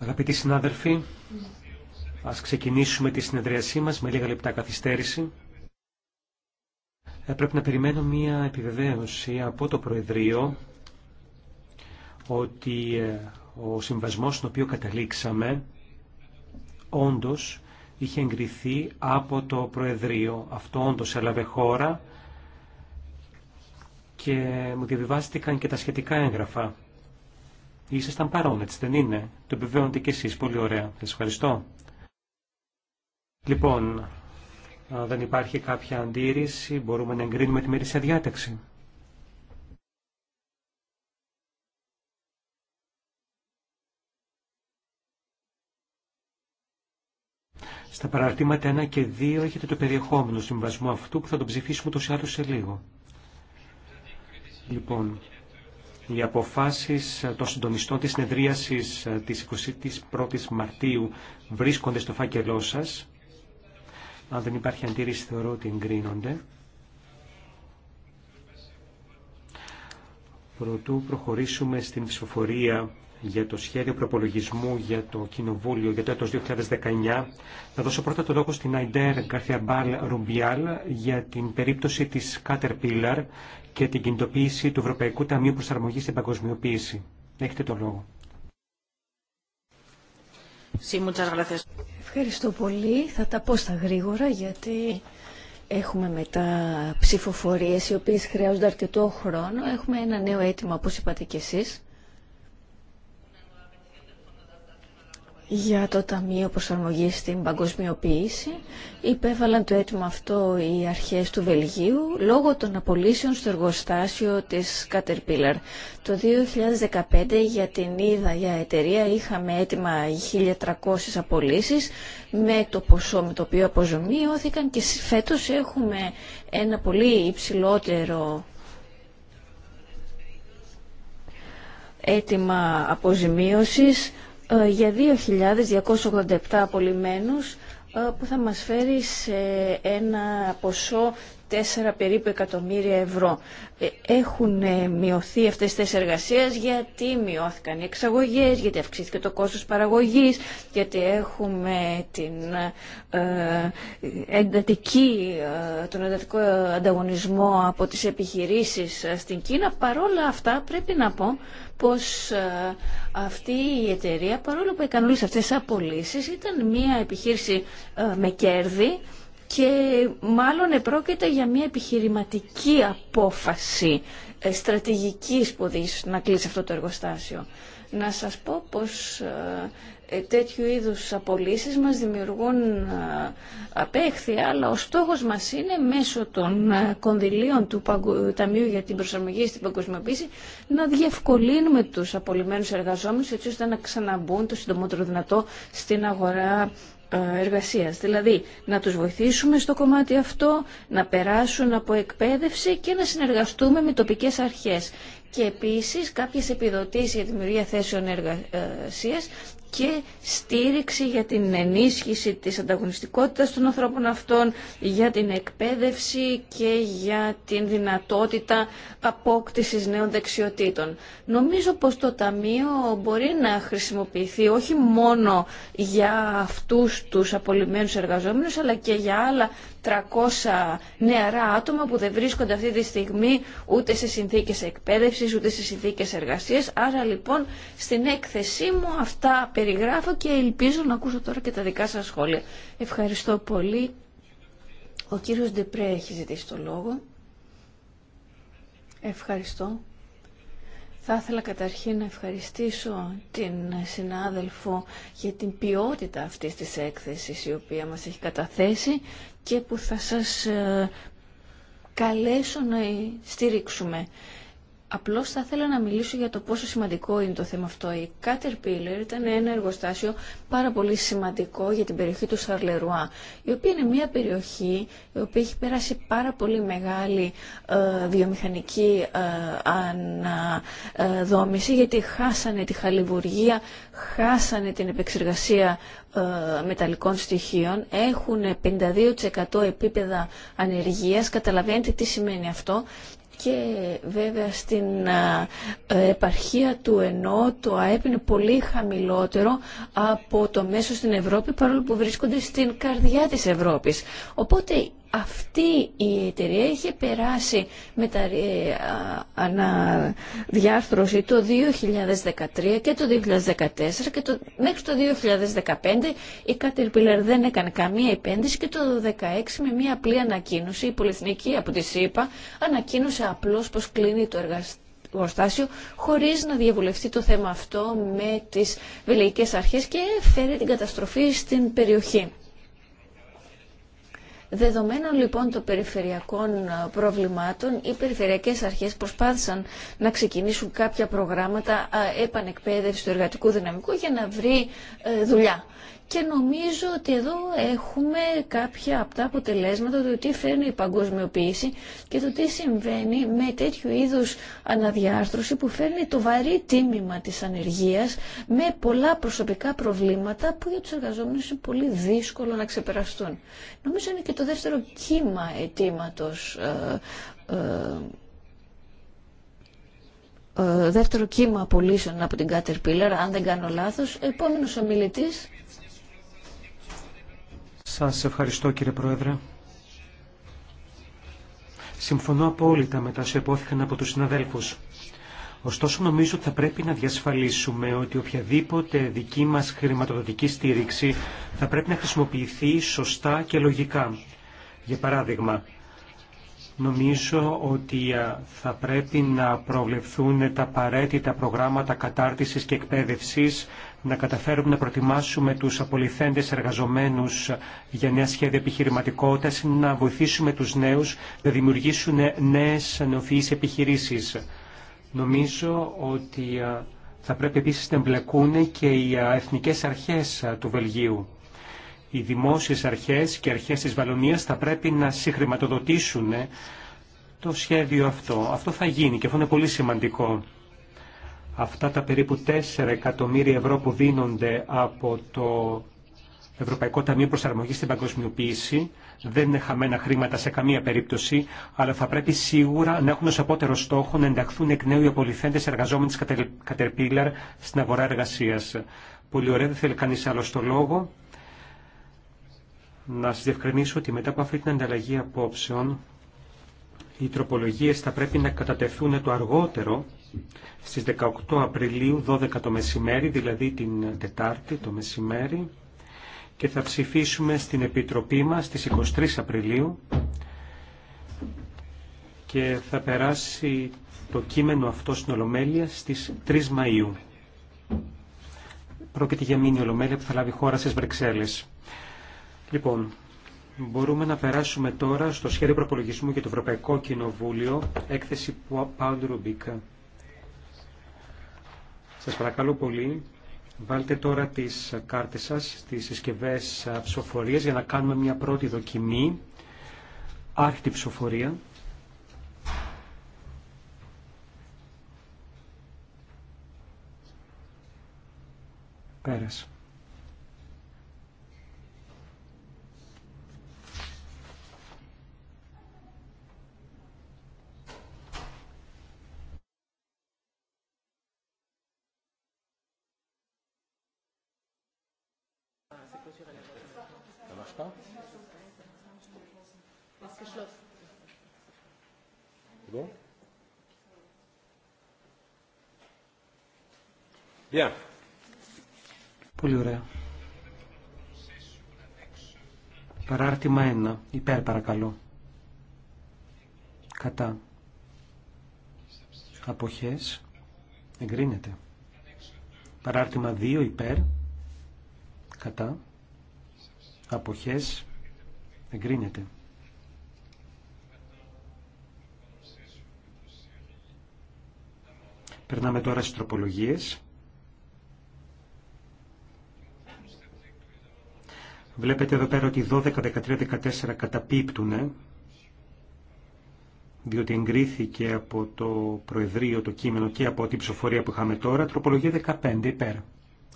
Αγαπητοί συνάδελφοι, ας ξεκινήσουμε τη συνεδρίασή μας με λίγα λεπτά καθυστέρηση. Ε, πρέπει να περιμένω μία επιβεβαίωση από το Προεδρείο ότι ε, ο συμβασμός στον οποίο καταλήξαμε όντως είχε εγκριθεί από το Προεδρείο. Αυτό όντως έλαβε χώρα και μου διαβιβάστηκαν και τα σχετικά έγγραφα. Ήσασταν παρόν, έτσι δεν είναι. Το επιβεβαιώνετε κι εσείς. Πολύ ωραία. Σας ευχαριστώ. Λοιπόν, αν δεν υπάρχει κάποια αντίρρηση, μπορούμε να εγκρίνουμε τη μερίσια διάταξη. Στα παραρτήματα 1 και 2 έχετε το περιεχόμενο συμβασμού αυτού που θα τον ψηφίσουμε το σε λίγο. Λοιπόν, οι αποφάσεις των συντονιστών της συνεδρίασης ε, της 21ης Μαρτίου βρίσκονται στο φάκελό σας. Αν δεν υπάρχει αντίρρηση θεωρώ ότι εγκρίνονται. Προτού προχωρήσουμε στην ψηφοφορία για το σχέδιο προπολογισμού για το Κοινοβούλιο για το έτος 2019. Θα δώσω πρώτα το λόγο στην Αιντέρ Καρθιαμπάλ Ρουμπιάλ για την περίπτωση της Caterpillar και την κινητοποίηση του Ευρωπαϊκού Ταμείου Προσαρμογής στην Παγκοσμιοποίηση. Έχετε το λόγο. Ευχαριστώ πολύ. Θα τα πω στα γρήγορα γιατί έχουμε μετά ψηφοφορίες οι οποίες χρειάζονται αρκετό χρόνο. Έχουμε ένα νέο αίτημα όπως είπατε και εσείς για το Ταμείο προσαρμογή στην Παγκοσμιοποίηση. Υπέβαλαν το αίτημα αυτό οι αρχές του Βελγίου λόγω των απολύσεων στο εργοστάσιο της Caterpillar. Το 2015 για την είδα για εταιρεία είχαμε αίτημα 1.300 απολύσεις με το ποσό με το οποίο αποζημιώθηκαν και φέτος έχουμε ένα πολύ υψηλότερο αίτημα αποζημίωσης ε, για 2.287 απολυμμένους ε, που θα μας φέρει σε ένα ποσό 4 περίπου εκατομμύρια ευρώ. Ε, έχουν ε, μειωθεί αυτές τις εργασίες γιατί μειώθηκαν οι εξαγωγές, γιατί αυξήθηκε το κόστος παραγωγής, γιατί έχουμε την ε, εντατική, τον εντατικό ανταγωνισμό από τις επιχειρήσεις στην Κίνα. Παρόλα αυτά πρέπει να πω πως αυτή η εταιρεία παρόλο που έκανε αυτές τις απολύσεις ήταν μια επιχείρηση με κέρδη και μάλλον επρόκειται για μια επιχειρηματική απόφαση ε, στρατηγικής που να κλείσει αυτό το εργοστάσιο. Να σας πω πως ε, ε, τέτοιου είδους απολύσεις μας δημιουργούν απέχθεια, αλλά ο στόχος μας είναι μέσω των κονδυλίων του Ταμείου για την προσαρμογή στην παγκοσμιοποίηση να διευκολύνουμε τους απολυμμένους εργαζόμενους έτσι ώστε να ξαναμπούν το συντομότερο δυνατό στην αγορά ε, εργασίας. Δηλαδή να τους βοηθήσουμε στο κομμάτι αυτό, να περάσουν από εκπαίδευση και να συνεργαστούμε με τοπικές αρχές. Και επίσης κάποιες επιδοτήσεις για τη δημιουργία θέσεων εργασίας και στήριξη για την ενίσχυση της ανταγωνιστικότητας των ανθρώπων αυτών, για την εκπαίδευση και για την δυνατότητα απόκτησης νέων δεξιοτήτων. Νομίζω πως το Ταμείο μπορεί να χρησιμοποιηθεί όχι μόνο για αυτούς τους απολυμμένους εργαζόμενους, αλλά και για άλλα 300 νεαρά άτομα που δεν βρίσκονται αυτή τη στιγμή ούτε σε συνθήκες εκπαίδευσης, ούτε σε συνθήκες εργασίας. Άρα λοιπόν στην έκθεσή μου αυτά περιγράφω και ελπίζω να ακούσω τώρα και τα δικά σας σχόλια. Ευχαριστώ πολύ. Ο κύριος Ντεπρέ έχει ζητήσει το λόγο. Ευχαριστώ. Θα ήθελα καταρχήν να ευχαριστήσω την συνάδελφο για την ποιότητα αυτής της έκθεσης η οποία μας έχει καταθέσει και που θα σας ε, καλέσω να στηρίξουμε. Απλώς θα ήθελα να μιλήσω για το πόσο σημαντικό είναι το θέμα αυτό. Η Caterpillar ήταν ένα εργοστάσιο πάρα πολύ σημαντικό για την περιοχή του Σαρλερουά, η οποία είναι μια περιοχή η οποία έχει περάσει πάρα πολύ μεγάλη ε, βιομηχανική ε, αναδόμηση, γιατί χάσανε τη χαλιβουργία, χάσανε την επεξεργασία ε, μεταλλικών στοιχείων, έχουν 52% επίπεδα ανεργίας, καταλαβαίνετε τι σημαίνει αυτό και βέβαια στην ε, επαρχία του ΕΝΟ το ΑΕΠ είναι πολύ χαμηλότερο από το μέσο στην Ευρώπη παρόλο που βρίσκονται στην καρδιά της Ευρώπης. Οπότε αυτή η εταιρεία είχε περάσει με τα ε, αναδιάρθρωση το 2013 και το 2014 και το, μέχρι το 2015 η Caterpillar δεν έκανε καμία επένδυση και το 2016 με μια απλή ανακοίνωση η πολυεθνική από τη ΣΥΠΑ ανακοίνωσε απλώς πως κλείνει το εργαστήριο εργοστάσιο χωρίς να διαβουλευτεί το θέμα αυτό με τις βελεϊκές αρχές και φέρει την καταστροφή στην περιοχή. Δεδομένων λοιπόν των περιφερειακών ε, προβλημάτων, οι περιφερειακές αρχές προσπάθησαν να ξεκινήσουν κάποια προγράμματα ε, επανεκπαίδευση του εργατικού δυναμικού για να βρει ε, δουλειά. Και νομίζω ότι εδώ έχουμε κάποια από τα αποτελέσματα του τι φέρνει η παγκοσμιοποίηση και το τι συμβαίνει με τέτοιου είδους αναδιάρθρωση που φέρνει το βαρύ τίμημα της ανεργίας με πολλά προσωπικά προβλήματα που για τους εργαζόμενους είναι πολύ δύσκολο να ξεπεραστούν. Νομίζω το δεύτερο κύμα αιτήματο ε, ε, ε, δεύτερο κύμα απολύσεων από την Caterpillar, αν δεν κάνω λάθος. Επόμενος ομιλητής. Σας ευχαριστώ κύριε Πρόεδρε. Συμφωνώ απόλυτα με τα σου από τους συναδέλφους. Ωστόσο νομίζω ότι θα πρέπει να διασφαλίσουμε ότι οποιαδήποτε δική μας χρηματοδοτική στήριξη θα πρέπει να χρησιμοποιηθεί σωστά και λογικά. Για παράδειγμα, νομίζω ότι θα πρέπει να προβλεφθούν τα απαραίτητα προγράμματα κατάρτισης και εκπαίδευσης, να καταφέρουμε να προτιμάσουμε τους απολυθέντες εργαζομένους για νέα σχέδια επιχειρηματικότητας, να βοηθήσουμε τους νέους να δημιουργήσουν νέες νεοφυείς επιχειρήσεις. Νομίζω ότι ε, θα πρέπει επίσης να εμπλεκούν και οι ε, εθνικές αρχές ε, του Βελγίου. Οι δημόσιες αρχές και αρχές της Βαλωνίας θα πρέπει να συγχρηματοδοτήσουν το σχέδιο αυτό. Αυτό θα γίνει και αυτό είναι πολύ σημαντικό. Αυτά τα περίπου 4 εκατομμύρια ευρώ που δίνονται από το Ευρωπαϊκό Ταμείο Προσαρμογής στην Παγκοσμιοποίηση δεν είναι χαμένα χρήματα σε καμία περίπτωση, αλλά θα πρέπει σίγουρα να έχουν ω απότερο στόχο να ενταχθούν εκ νέου οι απολυθέντε εργαζόμενοι τη Caterpillar στην αγορά εργασία. Πολύ ωραία, δεν θέλει κανεί άλλο το λόγο. Να σα διευκρινίσω ότι μετά από αυτή την ανταλλαγή απόψεων, οι τροπολογίε θα πρέπει να κατατεθούν το αργότερο στις 18 Απριλίου 12 το μεσημέρι, δηλαδή την Τετάρτη το μεσημέρι και θα ψηφίσουμε στην Επιτροπή μας στις 23 Απριλίου και θα περάσει το κείμενο αυτό στην Ολομέλεια στις 3 Μαΐου. Πρόκειται για μήνυ Ολομέλεια που θα λάβει χώρα στις Βρυξέλλες. Λοιπόν, μπορούμε να περάσουμε τώρα στο σχέδιο προπολογισμού για το Ευρωπαϊκό Κοινοβούλιο, έκθεση πάντρουμπικα. Σας παρακαλώ πολύ Βάλτε τώρα τις κάρτες σας στις συσκευές ψηφοφορίας για να κάνουμε μια πρώτη δοκιμή. Άρχιτη ψηφοφορία. Πέρασε. Πολύ ωραία. Παράρτημα 1. Υπέρ παρακαλώ. Κατά. Αποχές. Εγκρίνεται. Παράρτημα 2. Υπέρ. Κατά. Αποχές. Εγκρίνεται. Περνάμε τώρα στις τροπολογίες. Βλέπετε εδώ πέρα ότι 12, 13, 14 καταπίπτουν διότι εγκρίθηκε από το Προεδρείο το κείμενο και από την ψηφοφορία που είχαμε τώρα, τροπολογία 15 υπέρ.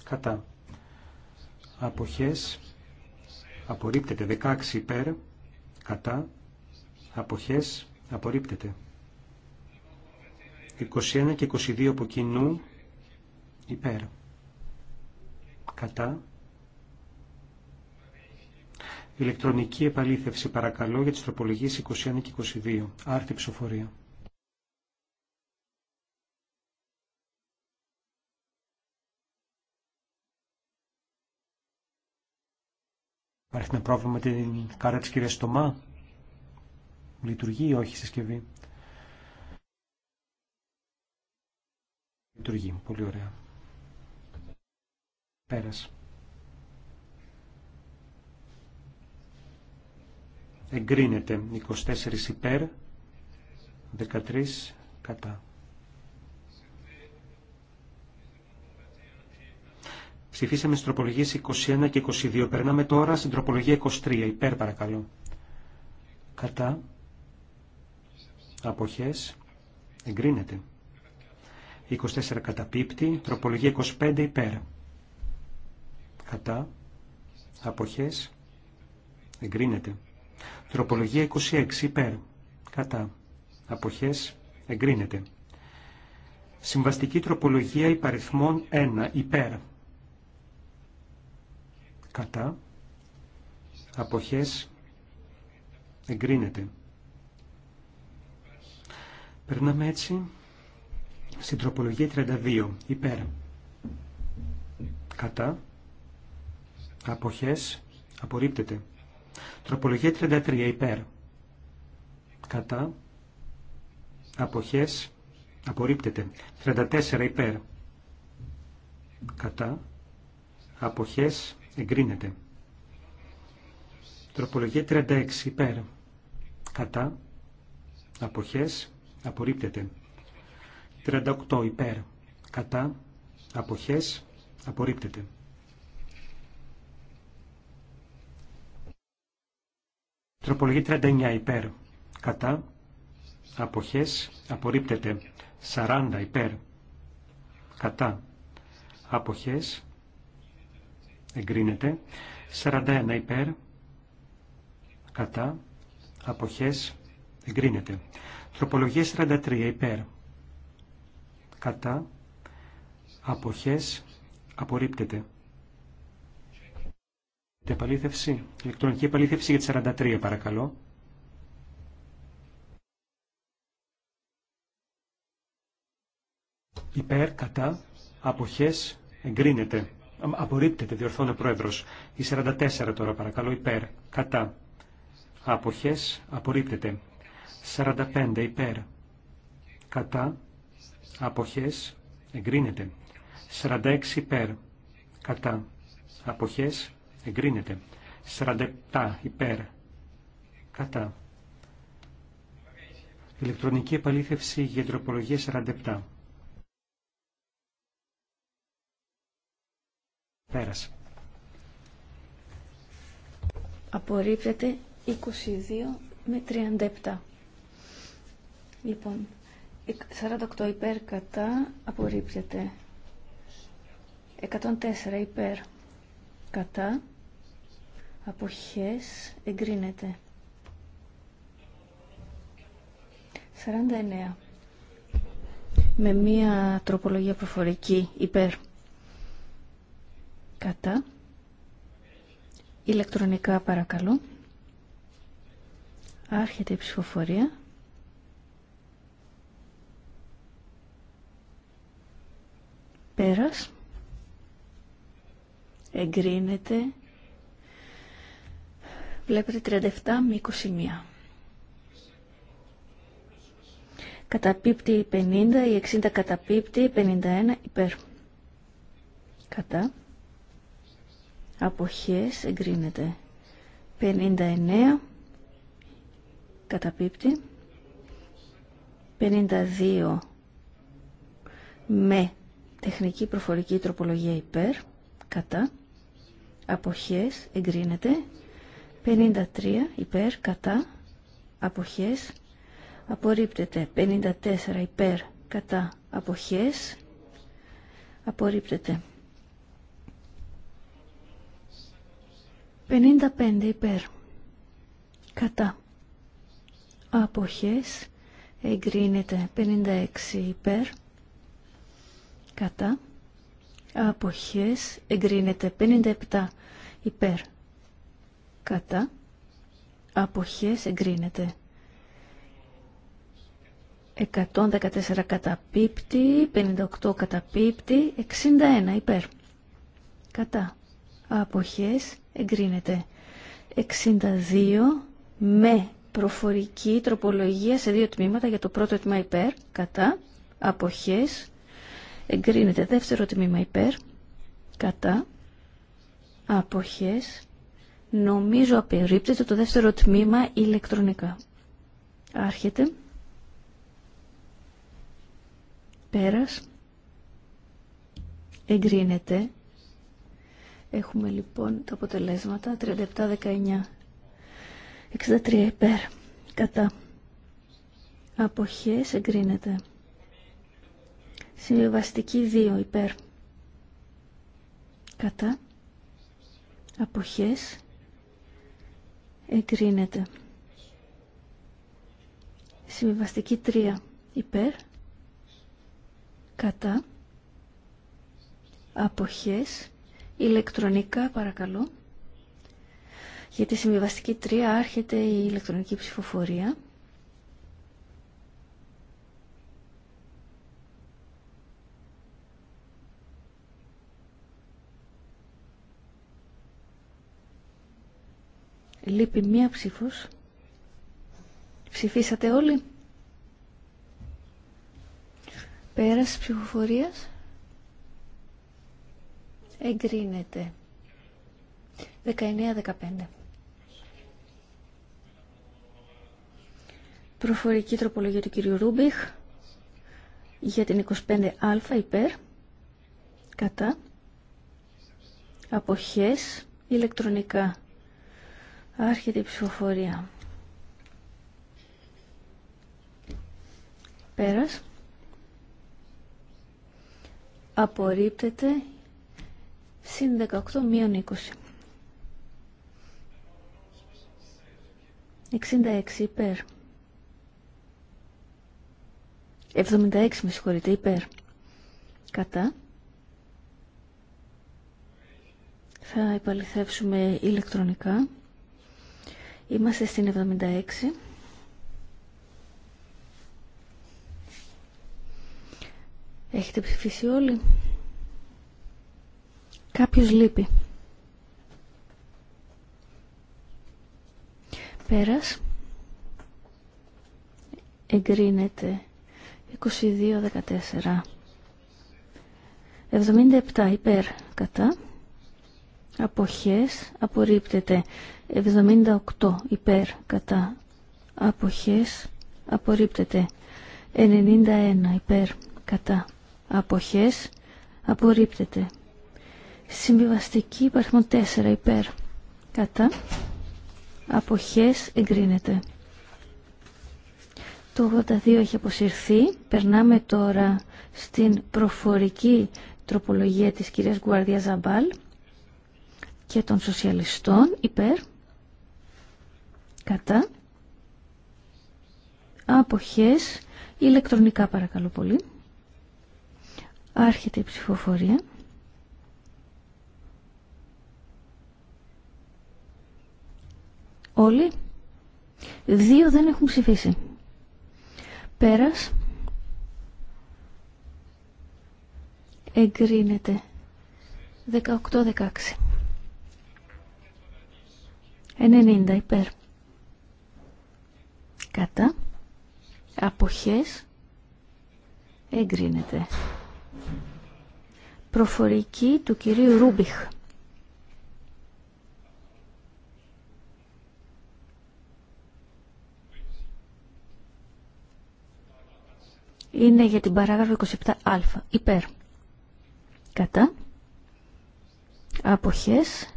Κατά. Αποχές. Απορρίπτεται 16 υπέρ. Κατά. Αποχές. Απορρίπτεται. 21 και 22 από κοινού υπέρ. Κατά Ηλεκτρονική επαλήθευση παρακαλώ για τις τροπολογίες 21 και 22. Άρτη ψηφοφορία. Υπάρχει ένα πρόβλημα με την κάρτα της κυρίας Στομά. Λειτουργεί ή όχι η συσκευή. Λειτουργεί. Πολύ ωραία. Πέρασε. εγκρίνεται 24 υπέρ 13 κατά Ψηφίσαμε στις τροπολογίες 21 και 22. Περνάμε τώρα στην τροπολογία 23. Υπέρ παρακαλώ. Κατά. Αποχές. Εγκρίνεται. 24 καταπίπτει. Τροπολογία 25 υπέρ. Κατά. Αποχές. Εγκρίνεται. Τροπολογία 26 υπέρ. Κατά. Αποχές εγκρίνεται. Συμβαστική τροπολογία υπαριθμών 1 υπέρ. Κατά. Αποχές εγκρίνεται. Περνάμε έτσι στην τροπολογία 32 υπέρ. Κατά. Αποχές απορρίπτεται. Τροπολογία 33 υπέρ. Κατά. Αποχές. Απορρίπτεται. 34 υπέρ. Κατά. Αποχές. Εγκρίνεται. Τροπολογία 36 υπέρ. Κατά. Αποχές. Απορρίπτεται. 38 υπέρ. Κατά. Αποχές. Απορρίπτεται. Τροπολογία 39 υπέρ. Κατά. Αποχές. Απορρίπτεται. 40 υπέρ. Κατά. Αποχές. Εγκρίνεται. 41 υπέρ. Κατά. Αποχές. Εγκρίνεται. Τροπολογία 43 υπέρ. Κατά. Αποχές. Απορρίπτεται. Επαλήθευση. Ηλεκτρονική επαλήθευση για τις 43 παρακαλώ. Υπέρ, κατά, αποχές, εγκρίνεται. Απορρίπτεται, διορθώνει ο Πρόεδρος. Η 44 τώρα παρακαλώ, υπέρ, κατά. Αποχές, απορρίπτεται. 45 υπέρ, κατά. Αποχές, εγκρίνεται. 46 υπέρ, κατά. Αποχές, εγκρίνεται. 47 υπέρ κατά. Ηλεκτρονική επαλήθευση για τροπολογία 47. Πέρασε. Απορρίπτεται 22 με 37. Λοιπόν, 48 υπέρ κατά απορρίπτεται. 104 υπέρ κατά αποχές εγκρίνεται 49 με μία τροπολογία προφορική υπέρ κατά ηλεκτρονικά παρακαλώ άρχεται η ψηφοφορία πέρας εγκρίνεται βλέπετε 37 με 21. Καταπίπτει 50, η 60 καταπίπτει, 51 υπέρ. Κατά. Αποχές εγκρίνεται. 59 καταπίπτει. 52 με τεχνική προφορική τροπολογία υπέρ. Κατά. Αποχές εγκρίνεται. 53 υπέρ κατά αποχές απορρίπτεται 54 υπέρ κατά αποχές απορρίπτεται 55 υπέρ κατά αποχές εγκρίνεται 56 υπέρ κατά αποχές εγκρίνεται 57 υπέρ κατά αποχές εγκρίνεται 114 καταπίπτει 58 καταπίπτει 61 υπέρ κατά αποχές εγκρίνεται 62 με προφορική τροπολογία σε δύο τμήματα για το πρώτο τμήμα υπέρ κατά αποχές εγκρίνεται δεύτερο τμήμα υπέρ κατά αποχές Νομίζω απερίπτεται το δεύτερο τμήμα ηλεκτρονικά. Άρχεται. Πέρας. Εγκρίνεται. Έχουμε λοιπόν τα αποτελέσματα. 37-19. 63 υπέρ. Κατά. Αποχές εγκρίνεται. Συμβιβαστική 2 υπέρ. Κατά. Αποχές εγκρίνεται. Συμβιβαστική 3 υπέρ, κατά, αποχές, ηλεκτρονικά παρακαλώ. Για τη συμβιβαστική 3 άρχεται η ηλεκτρονική ψηφοφορία. Λείπει μία ψήφος. Ψηφίσατε όλοι. Πέρας ψηφοφορίας. Εγκρίνεται. 19-15. Προφορική τροπολογία του κυρίου Ρούμπιχ για την 25α υπέρ κατά αποχές ηλεκτρονικά Άρχεται η ψηφοφορία. Πέρας. Απορρίπτεται συν 18 μείον 20. 66 υπέρ. 76 με συγχωρείτε υπέρ. Κατά. Θα επαληθεύσουμε ηλεκτρονικά. Είμαστε στην 76. Έχετε ψηφίσει όλοι. Κάποιος λείπει. Πέρας. Εγκρίνεται. 22-14. 77 υπέρ κατά. Αποχές. Απορρίπτεται. 78 υπέρ κατά αποχές απορρίπτεται 91 υπέρ κατά αποχές απορρίπτεται συμβιβαστική υπάρχουν 4 υπέρ κατά αποχές εγκρίνεται το 82 έχει αποσυρθεί περνάμε τώρα στην προφορική τροπολογία της κυρίας Γκουαρδία Ζαμπάλ και των σοσιαλιστών υπέρ κατά αποχές ηλεκτρονικά παρακαλώ πολύ άρχεται η ψηφοφορία όλοι δύο δεν έχουν ψηφίσει πέρας εγκρίνεται 18-16 90 υπέρ αποχές εγκρίνεται. Προφορική του κυρίου Ρούμπιχ. Είναι για την παράγραφο 27α. Υπέρ. Κατά. Αποχές.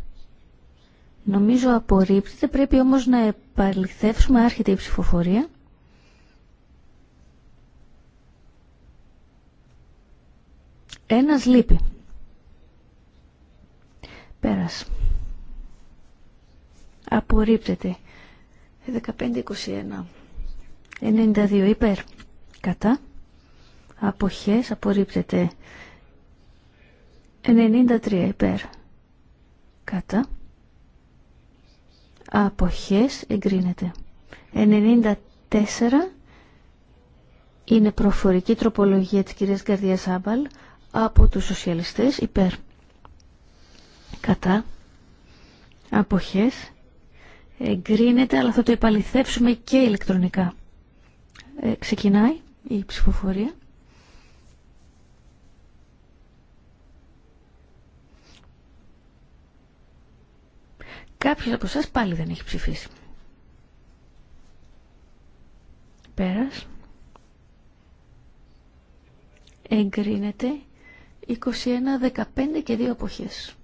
Νομίζω απορρίπτεται. Πρέπει όμως να επαληθεύσουμε. Άρχεται η ψηφοφορία. Ένας λείπει. Πέρας. Απορρίπτεται. 15-21. 92 υπέρ. Κατά. Αποχές απορρίπτεται. 93 υπέρ. Κατά. Αποχές εγκρίνεται. 94 είναι προφορική τροπολογία της κυρίας Γκαρδίας Άμπαλ από τους σοσιαλιστές υπέρ κατά αποχές εγκρίνεται αλλά θα το επαληθεύσουμε και ηλεκτρονικά ε, ξεκινάει η ψηφοφορία Κάποιος από εσάς πάλι δεν έχει ψηφίσει. Πέρας. Εγκρίνεται 21, 15 και 2 εποχές.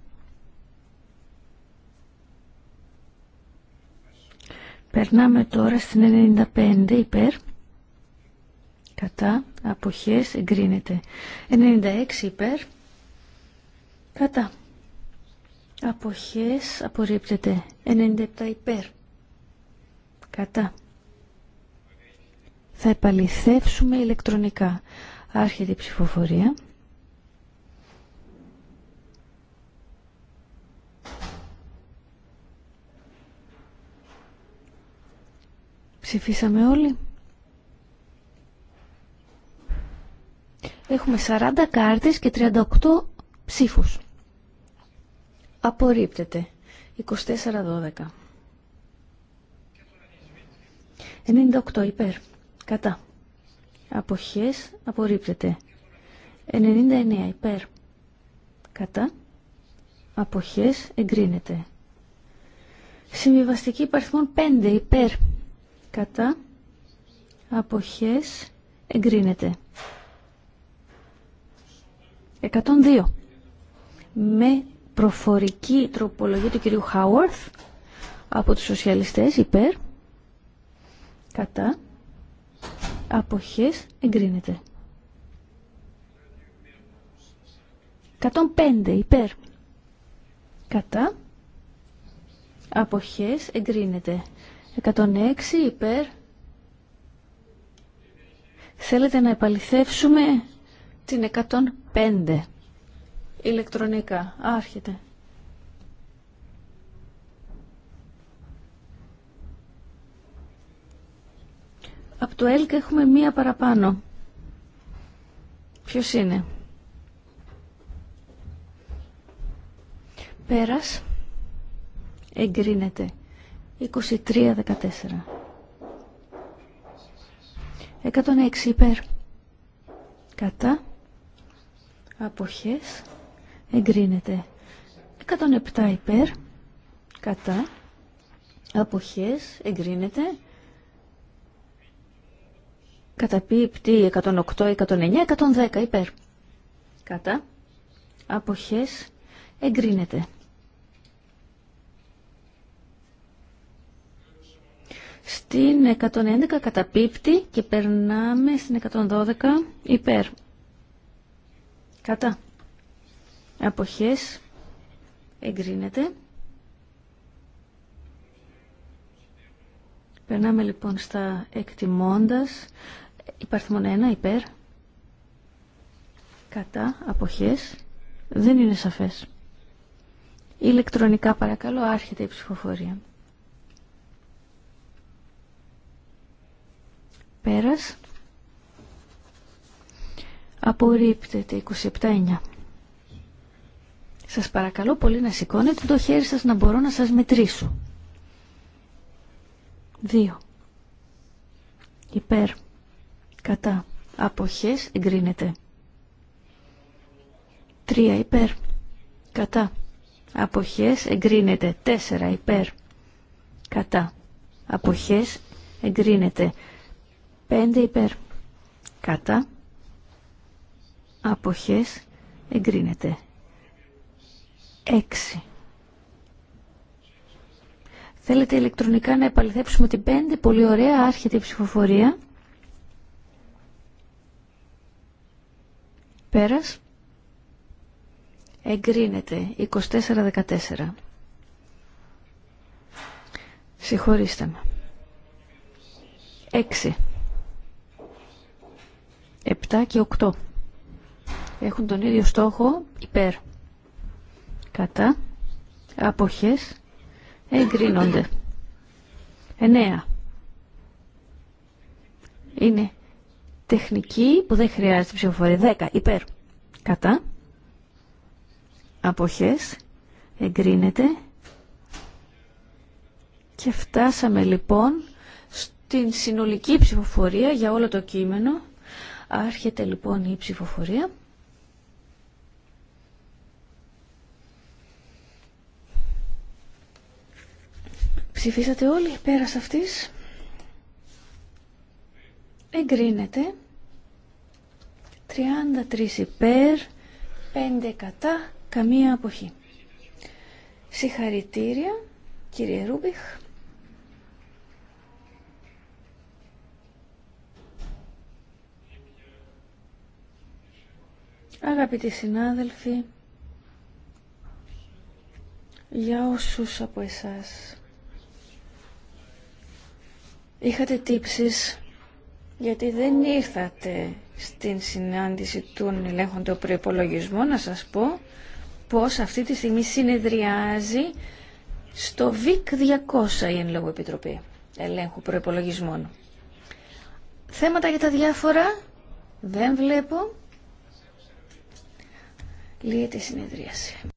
Περνάμε τώρα στην 95 υπέρ. Κατά. Αποχές εγκρίνεται. 96 υπέρ. Κατά. Αποχές απορρίπτεται. 97 υπέρ. Κατά. Θα επαληθεύσουμε ηλεκτρονικά. Άρχεται η ψηφοφορία. Ψηφίσαμε όλοι. Έχουμε 40 κάρτες και 38 ψήφους. Απορρίπτεται. 24-12. 98 υπέρ. Κατά. Αποχές απορρίπτεται. 99 υπέρ. Κατά. Αποχές εγκρίνεται. Συμβιβαστική υπαριθμών 5 υπέρ κατά αποχές εγκρίνεται. 102. Με προφορική τροπολογία του κυρίου Χάουαρθ από τους σοσιαλιστές υπέρ κατά αποχές εγκρίνεται. 105 υπέρ κατά αποχές εγκρίνεται. 106 υπέρ. Θέλετε να επαληθεύσουμε την 105 ηλεκτρονικά. Άρχεται. Από το ΕΛΚ έχουμε μία παραπάνω. Ποιος είναι. Πέρας. Εγκρίνεται. 23-14. 106 υπέρ. Κατά. Αποχές. Εγκρίνεται. 107 υπέρ. Κατά. Αποχές. Εγκρίνεται. Καταπίπτει 108, 109, 110 υπέρ. Κατά. Αποχές. Εγκρίνεται. Στην 111 καταπίπτει και περνάμε στην 112 υπέρ. Κατά. Αποχές εγκρίνεται. Περνάμε λοιπόν στα εκτιμώντας. Υπάρχει μόνο ένα υπέρ. Κατά. Αποχές. Δεν είναι σαφές. Ηλεκτρονικά παρακαλώ άρχεται η ψηφοφορία. Πέρας. Απορρίπτεται 27-9. Σας παρακαλώ πολύ να σηκώνετε το χέρι σας να μπορώ να σας μετρήσω. 2. Υπέρ. Κατά. Αποχές εγκρίνεται. 3. Υπέρ. Κατά. Αποχές εγκρίνεται. 4. Υπέρ. Κατά. Αποχές εγκρίνεται. 5 υπέρ. Κατά. Αποχές εγκρίνεται. 6. Θέλετε ηλεκτρονικά να επαληθεύσουμε την 5. Πολύ ωραία. Άρχεται η ψηφοφορία. Πέρας. Εγκρίνεται. 24-14. Συγχωρήστε με. 6. 7 και 8 έχουν τον ίδιο στόχο υπέρ. Κατά αποχές εγκρίνονται. 9. Είναι τεχνική που δεν χρειάζεται ψηφοφορία. 10. Υπέρ. Κατά. Αποχές εγκρίνεται. Και φτάσαμε λοιπόν στην συνολική ψηφοφορία για όλο το κείμενο. Άρχεται λοιπόν η ψηφοφορία. Ψηφίσατε όλοι πέρας αυτής. Εγκρίνεται. 33 υπέρ, 5 κατά, καμία αποχή. Συγχαρητήρια, κύριε Ρούμπιχ. Αγαπητοί συνάδελφοι, για όσους από εσάς είχατε τύψεις γιατί δεν ήρθατε στην συνάντηση των ελέγχων των προπολογισμών να σας πω πως αυτή τη στιγμή συνεδριάζει στο ΒΙΚ 200 η Εν Λόγω Επιτροπή Ελέγχου Προϋπολογισμών. Θέματα για τα διάφορα δεν βλέπω. Λύεται η συνεδρίαση.